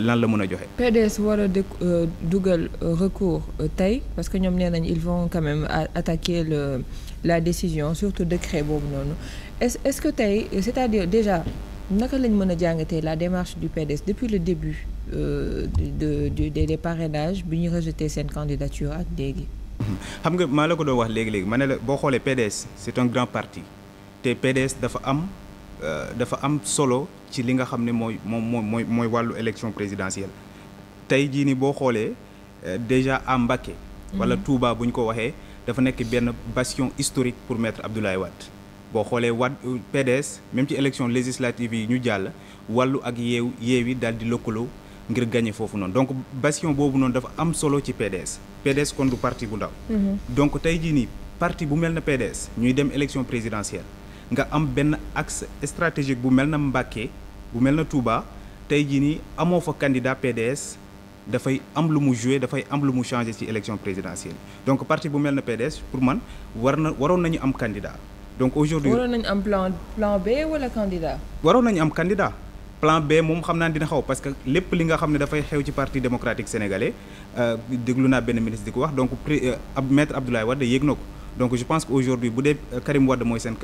lan la mën a joxe. PDS war a euh, dugal euh, recours euh, tey parce que ñoom nee nañ ils vont quand même attaquer le la décision surtout décret boobu noonu est est-ce que tey c'est-à-dire déjà naka lañ mën a jàngatee la démarche du PDS depuis le début euh, de de des de parrainages bi ñu rejeté seen candidature ak léegi. xam nga maa la ko doon wax léegi léegi ma ne la boo xoolee PDS c'est un grand parti te PDS dafa am. Euh, dafa am solo ci li nga xam ne mooy moom mooy mooy wàllu élection présidentielle tey jii nii boo xoolee euh, déjà à Mbacké wala mhm. Touba bu ñu ko waxee dafa nekk benn bastion historique pour maître Abdoulaye Wade boo xoolee Wade euh, PDS même ci élection législative yi ñu jàll wàllu ak yeew yeewi daal di lëkkaloo ngir gagné foofu noonu donc bastion boobu noonu dafa am solo ci PDS PDS kon du parti bu ndaw mhm. donc tey jii nii parti bu mel na PDS ñuy dem élection présidentielle nga am benn axe stratégique bu mel na Mbacké bu mel na tuuba tey jii nii amoo fa candidat PDS dafay am lu mu joué dafay am lu mu changé ci élection présidentielle donc parti bu mel na PDS pour man war na waroon nañu am candidat donc aujourd'hui waroon nañu am plan plan B wala candidat. waroon nañu am candidat. plan B moom xam naa dina xaw parce que lépp li nga xam ne dafay xew ci parti démocratique sénégalais euh, déglu naa benn ministre di ko wax donc euh, maître Abdoulaye Wade yéeg na ko donc je pense que aujourd'hui bu dee euh, Karim mooy seen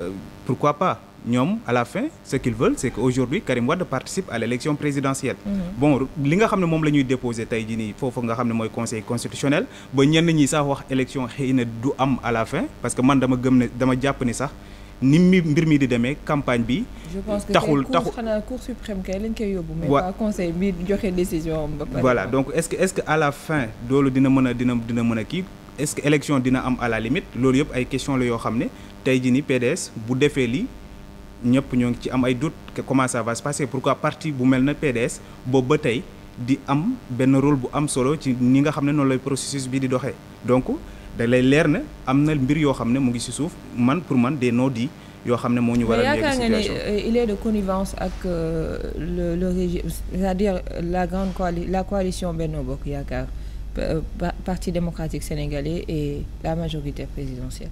Euh, pourquoi pas ñoom à la fin ce qu'ils veulent c'est que aujourd'hui Karim Wade participe à l'élection présidentielle mhm. bon li nga xam ne moom la ñuy déposé tey jii nii foofu nga xam ne mooy conseil constitutionnel ba ñenn ñi sax wax élection xëy na du am à la fin parce que man dama gëm ne dama jàpp ni sax ni mi mbir mi di demee campagne bi. taxul taxul xanaa cour suprême kay lañ koy yóbbu. mais waa conseil bi joxe décision ba pare voilà donc est-ce que est-ce à la fin loolu a dina a kii est-ce que élection dina am à loolu yëpp ay question la yoo xam ne. tey jii ni PDS bu defee lii ñëpp ñoo ngi ci am ay doute que comment ça va se passer pourquoi bu mel na PDS boobu ba tey di am benn rôle bu am solo ci ni nga xam ne noonu lay processus bi di doxee donc da lay leer na am na mbir yoo xam ne mu ngi si suuf man pour man de non-dits yoo xam ne moo ñu waral yaakaar nga ne euh, il est de connivence ak euh, le le régime c'est-à-dire la grande coali la coalition Benno Bokk Yaakaar euh, parti démocratique sénégalais et la majorité présidentielle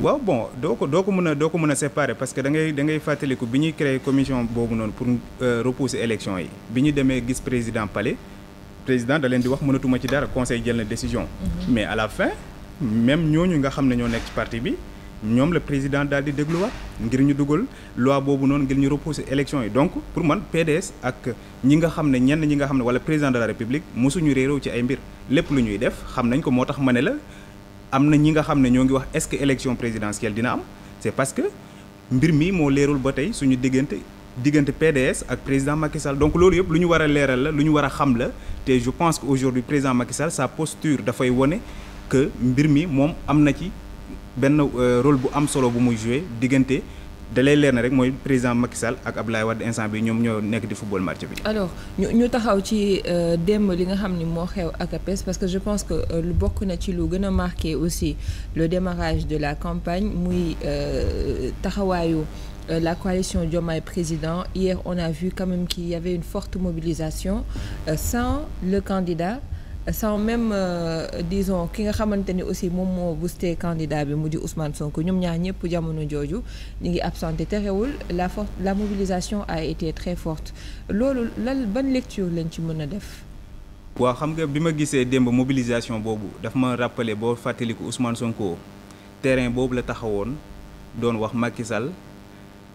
waaw bon doo ko doo ko mën a doo ko mën a séparer parce que da ngay da ngay fàttaliku bi ñuy créer commission boobu noonu pour euh, repousser élection yi bi ñu demee gis président palais président da leen di wax mënatuma ci dara conseil jël décision. Mhm. mais à la fin même ñooñu nga xam ne ñoo nekk ci bi ñoom la président daal di dégluwaat ngir ñu dugal loi boobu noonu ngir ñu repousser élection yi donc pour man PDS ak ñi nga xam ne ñenn ñi nga xam ne wala président de la république mosu mosuñu réeroo ci ay mbir lépp lu ñuy def xam nañ ko moo tax ma ne la. am na ñi nga xam ne ñoo ngi wax est-ce que élection présidentielle dina am c'est parce que mbir mi moo leerul ba tey suñu diggante diggante PDS ak président Macky donc loolu yëpp lu ñu war a leeral la lu ñu war a xam la te je pense que aujourd'hui président makisal Sall sa posture dafay wone que mbir mi moom am na ci benn euh, rôle bu am solo bu muy jouer diggante da lay leer na rek mooy président Macky Sall ak Abdoulaye Wade instant bi ñoom ñoo nekk di football match bi. alors ñu ñu taxaw ci euh, démb li nga xam ni moo xew ak APES parce que je pense que euh, lu bokk na ci lu gën a marqué aussi le démarrage de la campagne muy euh, taxawaayu. Euh, la coalition Diomaye Président hier on a vu quand même qu'il y une forte mobilisation euh, sans le candidat sans même euh, disons ki nga xamante ni aussi moom moo boosté candidat bi mu di Ousmane Sonko ñoom ñaar ñëpp jamono jooju ñu ngi absenté terewul la force la mobilisation a été très forte loolu lan ban lecture lañ ci mën a def. waaw xam nga bi ma gisee démb mobilisation boobu daf ma rappelé boo fàttaliku Ousmane Sonko terrain boobu la taxawoon doon wax Macky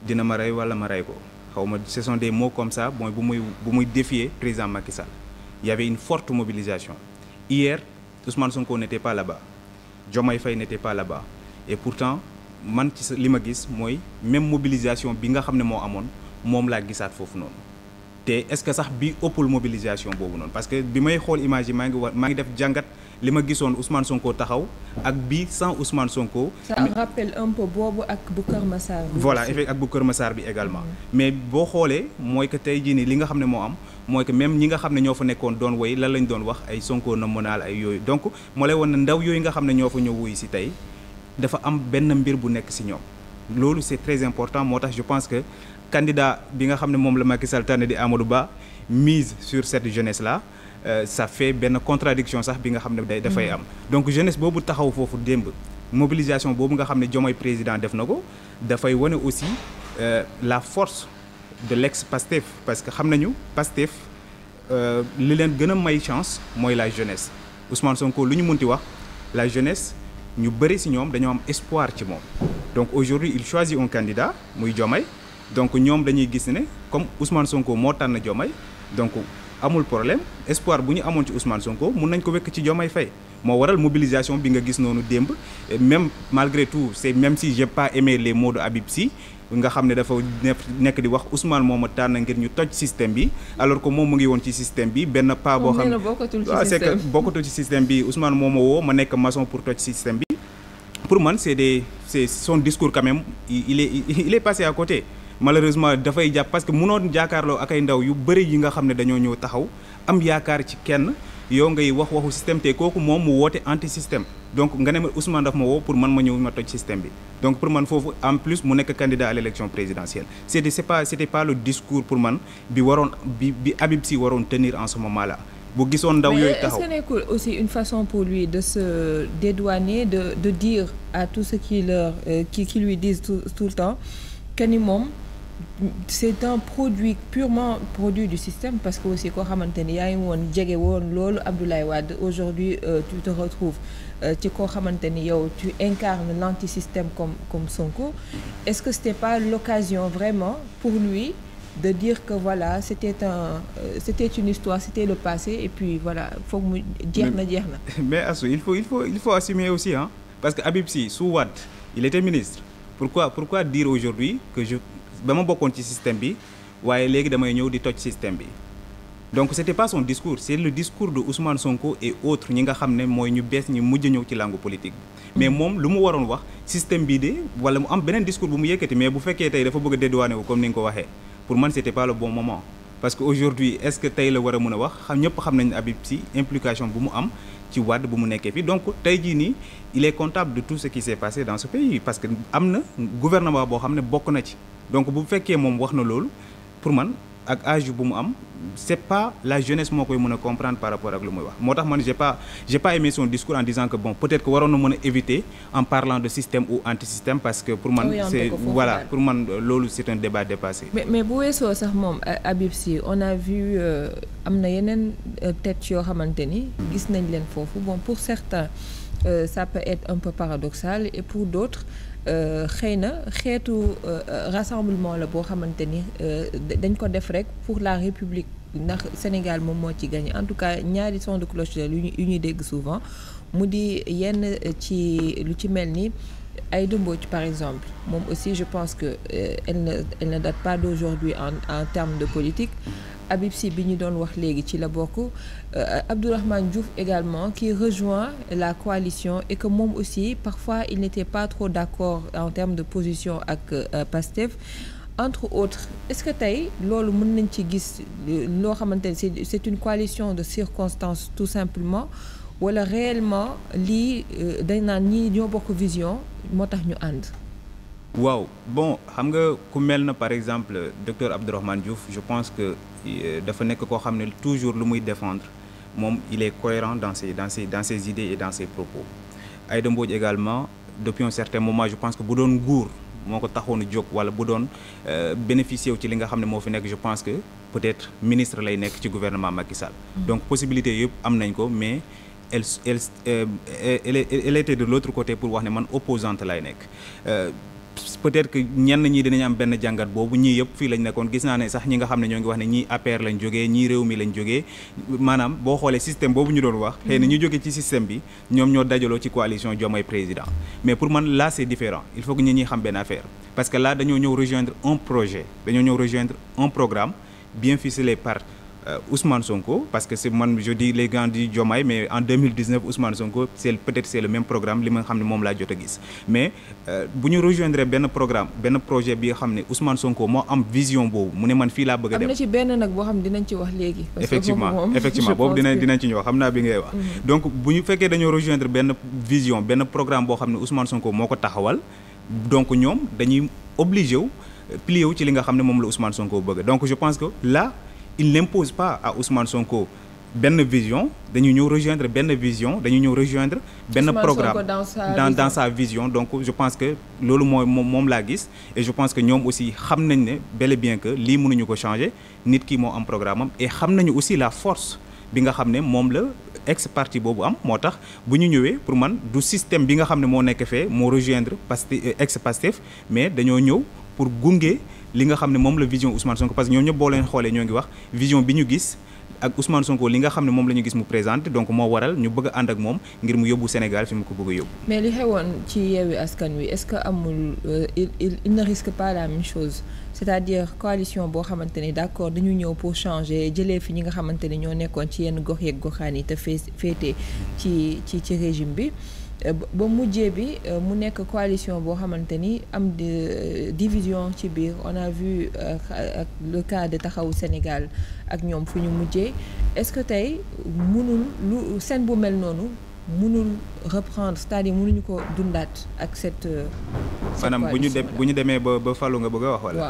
dina ma rey wala ma rey ko xaw ma ce sont des mots comme ça mooy bu muy bu muy défier président Macky Sall. il une forte mobilisation. Hier, Ousmane Sonko n'était pas là-bas. Diomaye Faye n'était pas là-bas. Et pourtant, man ci li ma gis mooy même mobilisation bi nga xam ne moo amoon moom laa gisaat foofu noonu te est-ce que sax bi ëppul mobilisation boobu noonu parce que bi may xool image yi maa ngi wa maa ngi def jàngat li ma gisoon Ousmane Sonko taxaw ak bi sans Ousmane Sonko. ça me rappelle boobu ak bu Kër Massar bi. voilà effet ak bu Kër Massar bi également. Mm-hmm. mais boo xoolee mooy que tey jii nii li nga xam ne moo am. mooy que même ñi nga xam ne ñoo fa nekkoon doon woy lan lañ doon wax ay Sonko na mënaal ay yooyu donc moo lay woon ne ndaw yooyu nga xam ne ñoo fa ñëw wuy si tey dafa am benn mbir bu nekk si ñoom loolu c'est très important moo tax je pense que candidat bi nga xam ne moom la Macky Sall tànn di Amadou Ba mise sur cette jeunesse la euh, ça benn contradiction sax bi nga xam ne day dafay am mm-hmm. donc jeunesse boobu taxaw foofu démb mobilisation boobu nga xam ne Diomaye président def na ko dafay wane aussi euh, la force de l'ex Pastef parce que xam nañu Pastef euh, li leen gën a may chance mooy la jeunesse Ousmane Sonko lu ñu munti wax la jeunesse ñu bëri si ñoom dañoo am espoir ci moom donc aujourd'hui il choisit un candidat muy Diomaye donc ñoom dañuy gis ne comme Ousmane Sonko moo tànn Diomaye donc amul problème espoir bu ñu amoon ci Ousmane Sonko mun nañ ko wekk ci Diomaye Faye moo waral mobilisation bi nga gis noonu démb même malgré tout c'est même si j'ai pas aimé les mots de nga xam ne dafa nekk di wax Ousmane moo ma tànn ngir ñu toj système bi alors que moom mu ngi woon ci système bi benn pas boo xam ne waaw c'est que bokkatul ci système bi Ousmane moo ma woo ma nekk maçon pour toj système bi pour man c'est des c'est son discours quand même il est il est passé à côté malheureusement dafay jàpp parce que mënoon jaakaarloo ak ay ndaw yu bëri yi nga xam ne dañoo ñëw taxaw am yaakaar ci kenn yow ngay wax waxu système te kooku moom mu woote anti système donc nga ne ma Ousmane daf ma woo pour man ma ñëw ma toj système bi donc pour man foofu en plus mu nekk candidat à l' élection présidentielle c' était c' est pas c' était pas le discours pour man bi waroon bi bi Habib Sy waroon tenir en ce mala là bu gisoon ndaw yooyu taxaw mais est-ce que nekkul aussi une façon pour lui de se dédouaner de de dire à tout ceux qui leur euh, qui qui lui tout tout le temps que moom. c'est un produit purement produit du système parce que aussi koo xamante ni yaa ngi woon jege woon loolu Abdoulaye Wade aujourd'hui euh, tu te retrouves euh, ci koo xamante ni yow tu incarnes l'antisystème comme comme Sonko est-ce que c'était pas l'occasion vraiment pour lui de dire que voilà c'était un euh, c'était une histoire c'était le passé et puis voilà foog mu jeex na jeex na mais Astou il faut il faut il faut assumer aussi parce que Habib Sy su Wade il était ministre pourquoi pourquoi dire aujourd'hui que dama bokkoon ci système bi waaye léegi damay ñëw di toj système bi donc c'était pas son discours c'est le discours de Ousmane Sonko et autres ñi nga xam ne mooy ñu bees ñi mujj ñëw ci langue politique mais mm-hmm. moom lu mu waroon wax système bii de wala mu am beneen discours bu mu yëkkati mais bu fekkee tey dafa bëgg a dédouané wu comme ni nga ko waxee pour man c'était pas le bon moment parce que aujourd'hui est-ce que tey la war a mën a wax xam ñëpp xam nañ Habib Sy implication bu mu am ci wàdd bu nekkee fii donc tey jii nii il est comptable de tout ce qui s'est passé am na gouvernement boo xam ne na ci donc bu fekkee moom wax na loolu pour man ak âge bu mu am c'est pas la jeunesse moo koy mën a comprendre par rapport ak lu muy wax moo tax man j'ai pas j'ai pas aimé son discours en disant que bon peut-être que waroon na mën a éviter en parlant de système ou anti-système parce que pour man c'est voilà pour man loolu c'est un débat dépassé mais bu weesoo sax moom Habib Sy on a vu euh, am na yeneen euh, tête yoo xamante ni gis nañ leen foofu bon pour certains euh, ça peut être et pour d'autres xëy na xeetu euh, rassemblement la boo xamante ni euh, dañ ko def rek pour la république ndax Sénégal moom moo ci gagné en tout cas ñaari son de cloche la yu ñuy dégg souvent mu di yenn ci lu ci mel ni Aïda Mbodj par exemple moom aussi je pense que euh, elle ne elle ne date pas d'aujourd'hui en en terme de politique Habib Sy bi ñu doon wax léegi ci la bokk euh, Abdourahmane Diouf également qui rejoint la coalition et que moom aussi parfois il n'était pas trop d'accord en termes de position ak euh, Pastef entre autres est-ce que tey loolu mën nañ ci gis loo xamante ne c'est une coalition de circonstances tout simplement wala réellement lii euh, dañ naan ñii ñoo bokk vision moo tax ñu ànd waaw bon xam nga ku mel na par exemple docteur Abdourahmane Diouf je pense que euh, dafa nekk koo xam ne toujours lu muy défendre moom il est cohérent dans ses dans ses dans ses idées et dans ses propos Aïda Mbodj également depuis un certain moment je pense que bu doon nguur moo ko taxoon a jóg wala bu doon euh, bénéficier wu ci li nga xam ne moo fi nekk je pense que peut-être ministre lay nekk ci gouvernement Macky Sall. Mm. donc possibilité yëpp am nañ ko mais elle elle euh, de l'autre côté pour wax ne man opposante lay nekk. peut-être que ñenn ñi dinañ am benn jàngat boobu ñii yëpp fii lañ nekkoon gis naa ne sax ñi nga xam ne ñoo ngi wax ne ñii APR lañ jógee ñii réew mi lañ jógee maanaam boo xoolee système boobu ñu doon wax xëy na ñu jógee ci système bi ñoom ñoo dajaloo ci coalition Diomaye président mais pour man là c'est différent il faut que ñi ñuy xam benn affaire parce que là dañoo ñëw rejoindre un projet dañoo ñëw rejoindre un programme bien ficelé par Euh, Ousmane Sonko parce que c'est man je dis les grands di Diomaye mais en 2019 Ousmane Sonko c'est peut c'est le même programme li ma xam ne moom laa jot a gis mais euh, bu ñu rejoindre benn programme benn man fii a dem am na ci benn nag boo xam dinañ ci wax léegi. effectivement effectivement boobu dinañ mhm. programme boo xam ne Ousmane Sonko moo ko taxawal donc ñoom dañuy obligé euh, wu ci li nga xam ne moom la Ousmane Sonko bëgg donc je pense que là. il n'impose pas à Ousmane Sonko benn vision dañu ñëw rejoindre benn vision dañu ñëw rejoindre benn programme dans sa, dans, dans vision donc je pense que loolu mooy moom laa gis et je pense que ñoom aussi xam nañ ne bel bien que lii mënuñu ko changer nit ki moo am programme am et xam nañu aussi la force bi nga xam ne moom la ex parti boobu am moo tax bu ñu ñëwee pour man du système bi nga xam ne moo nekk fee moo rejoindre Pastef ex Pastef mais dañoo ñëw pour gunge li nga xam ne moom la vision Ousmane Sonko parce que ñoom ñëpp boo leen xoolee ñoo ngi wax vision bi ñu gis ak Ousmane Sonko li nga xam ne moom lañu gis mu présent donc moo waral ñu bëgg a ànd ak moom ngir mu yóbbu Sénégal fi mu ko bëgg a yóbbu. mais li xewoon ci yeewi askan wi est-ce que amul euh, il ne risque pas la même chose c'est-à-dire coalition boo xamante ni d'accord dañu ñëw pour changer jëlee fi ñi nga xamante ni ñoo nekkoon ci yenn gox yeeg goxaan yi te féete ci ci ci régime bi. Euh, ba mujjee bi euh, mu nekk coalition boo xamante ni am euh, division ci biir on a vu ak le cas de taxawu Sénégal ak ñoom fu ñu mujjee est-ce que tey mënul lu seen bu mel noonu munul reprendre cest à mënuñu ko dundaat ak cette. maanaam bu ñu dem bu ñu demee ba ba falu nga bëgg a wax wala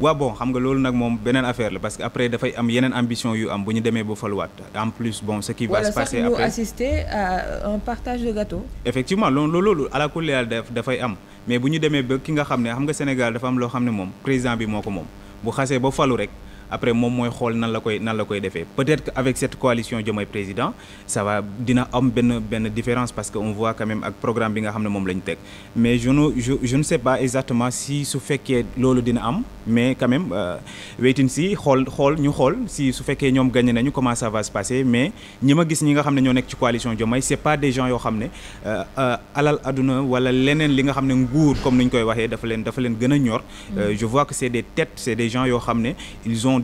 waaw bon xam nga loolu nag moom beneen affaire la parce que après dafay am yeneen ambition yu am bu ñu demee ba faluwaat en plus bon ce qui va se passer assister à un partage de gâteau. effectivement loolu loolu ala kulli haal dafay am mais bu ñu demee ba ki nga xam ne xam nga Sénégal dafa am loo xam ne moom président bi moo ko moom bu xasee ba falu rek. après moom mooy xool na la koy nan la koy defee peut-être que avec cette coalition Diomaye président ça va dina am benn benn différence parce que on voit quand même ak programme bi nga xam ne moom la ñu teg mais je ne sais pas exactement si su fekkee loolu dina am mais quand même si euh, and see xool xool ñu xool si su fekkee ñoom gagné nañu comment ça va se passer mais ñi ma gis ñi nga xam ne ñoo nekk ci coalition Diomaye c'est pas des gens yoo xam ne euh, euh, alal aduna wala leneen li nga xam ne nguur comme ni ñu koy waxee dafa leen dafa leen gën a ñor je vois que yoo xam ne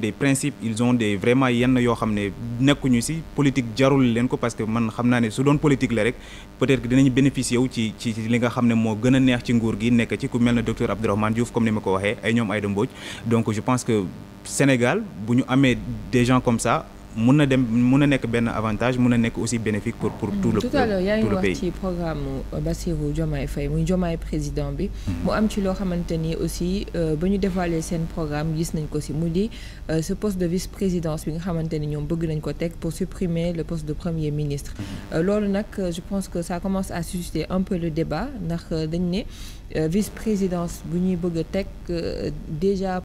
des principes ils ont des vraiment yenn yoo xam ne nekkuñu ci politique jarul leen ko parce que man xam naa ne su doon politique la rek peut-être que dinañ bénéficier wu ci ci li nga xam ne moo gën neex ci nguur gi nekk ci ku mel ne docteur Abdourahmane Diouf comme ni ma ko waxee ay ñoom Aïda Mbodj donc je pense que Sénégal bu ñu amee des gens comme ça mun na dem mun na nekk benn avantage mun na nekk aussi bénéfique pour pour tout le tout à l'heure yaa ngi wax programme euh, Bassirou Diomaye Faye muy Diomaye président bi hmm. mu am ci loo xamante ni aussi euh, ba ñu dévoiler seen programme gis nañ ko si mu di euh, ce poste de vice présidence bi nga xamante ni ñoom bëgg nañ ko teg pour supprimer le poste de premier ministre hmm. loolu nag je pense que ça commence à susciter un peu le débat ndax dañ ne vice présidence bu ñuy bëgg a teg déjà